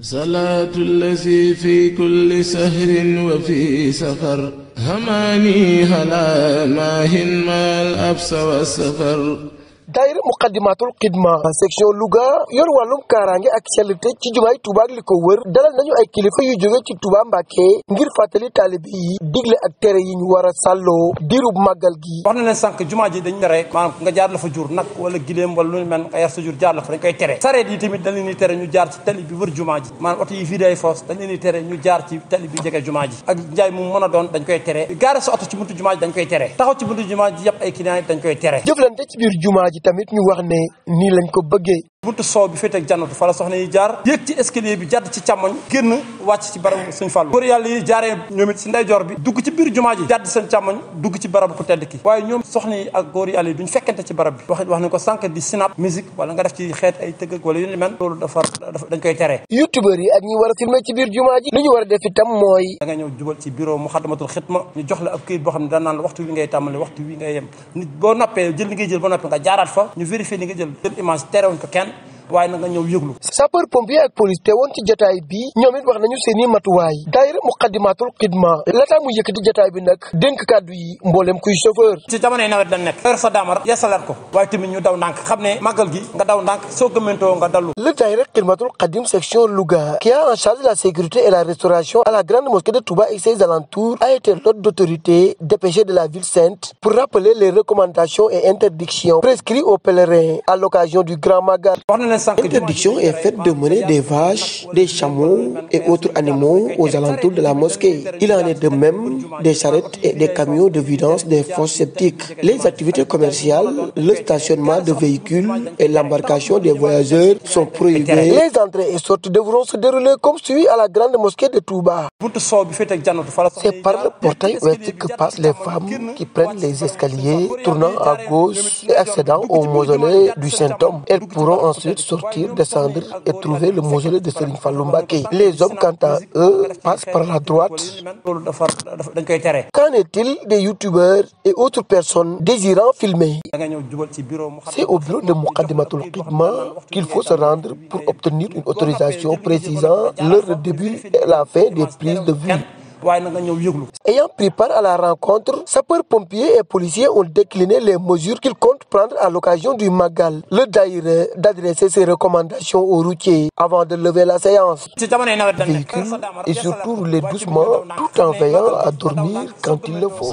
صلاة الذي في كل سهر وفي سفر هماني هلا ماهن ما الأبس والسفر daayira muqaddimatul xidma section Louga yor wàllum kaaraange ak sellte ci jumaay Touba ak li ko wër dalal nañu ay kilifa yu jóge ci Touba Mbàkke ngir fàttali taalibe yi digle ak tere yi ñu war a sàlloo diirub gi wax na leen sànq ji dañ tere maanaam nga jaar la fa jur nag wala giléem wala lu mel nga yar jaar la fa dañ koy tere sareet yi te dañ leen tere ñu jaar ci tali bi wër jumaa ji maanaam oto yi fii day foos dañ leen di tere ñu jaar ci tali jege jumaa ji ak njaay mu mën a doon dañ koy tere gaare sa oto ji tamit ñu wax ne nii lañ ko bëggee buntu soow bi féete ak jannatu fa la soxna yi jaar yéeg ci escalier bi jàdd ci càmmoñ génn wàcc ci barabu suñ fàllu góor yi jaaree ñoom it ndeyjoor bi dugg ci biir jumaa ji jàdd seen càmmoñ dugg ci ki waaye ñoom soxna yi ak góor yàlla yi duñ fekkante ci barab bi wax wax nañ ko sànq di sinap musique wala nga def ci xeet ay tëgg wala yu ni mel loolu dafa dañ koy tere youtubeur yi ak ñi war a filmé ci biir jumaa ji li ñu war a def itam mooy da nga ñëw jubal ci bureau muxadamatul xitma ñu jox la ab këyit la waxtu wi jël li ngay jël boo ñu vérifier li nga jël waaye na nga ñew yeglu sapeur pompier ak police té won ci jataay bi ñoom it wax nañu seeni matuwaay daayira muqaddimatul xidma lataa mu yëkkati jataay bi nak denk kaddu yi mboolem kuy chauffeur ci jamonoy nawet lañ nek heure sa daamar yeesalaat ko waaye tamit ñu daw ndànk xamné magal gi nga daw ndànk so gëmentoo nga dalu le daayira xidmatul qadim section Louga qui a en charge la sécurité et la restauration à la grande mosquée de Touba et ses alentours a été l'hôte d'autorité dépêché de la ville sainte pour rappeler les recommandations et interdictions prescrites aux pèlerins à l'occasion du grand magal L'interdiction est faite de mener des vaches, des chameaux et autres animaux aux alentours de la mosquée. Il en est de même des charrettes et des camions de vidance des fosses sceptiques Les activités commerciales, le stationnement de véhicules et l'embarcation des voyageurs sont prohibés. Les entrées et sorties devront se dérouler comme suit à la grande mosquée de Touba. C'est par le portail ouest que passent les femmes qui prennent les escaliers, tournant à gauche et accédant au mausolée du Saint-Homme. Elles pourront ensuite sortir, descendre et trouver le mausolée de Serigne Falumba Les hommes, quant à eux, passent par la droite. Qu'en est-il des youtubeurs et autres personnes désirant filmer C'est au bureau de Moukadimatul qu'il faut se rendre pour obtenir une autorisation précisant l'heure début et la fin des prises de vue ayant pris part à la rencontre sapeurs-pompiers et policiers ont décliné les mesures qu'ils comptent prendre à l'occasion du Magal le daïre d'adresser ses recommandations aux routiers avant de lever la séance et surtout les doucement tout en veillant à dormir quand il le faut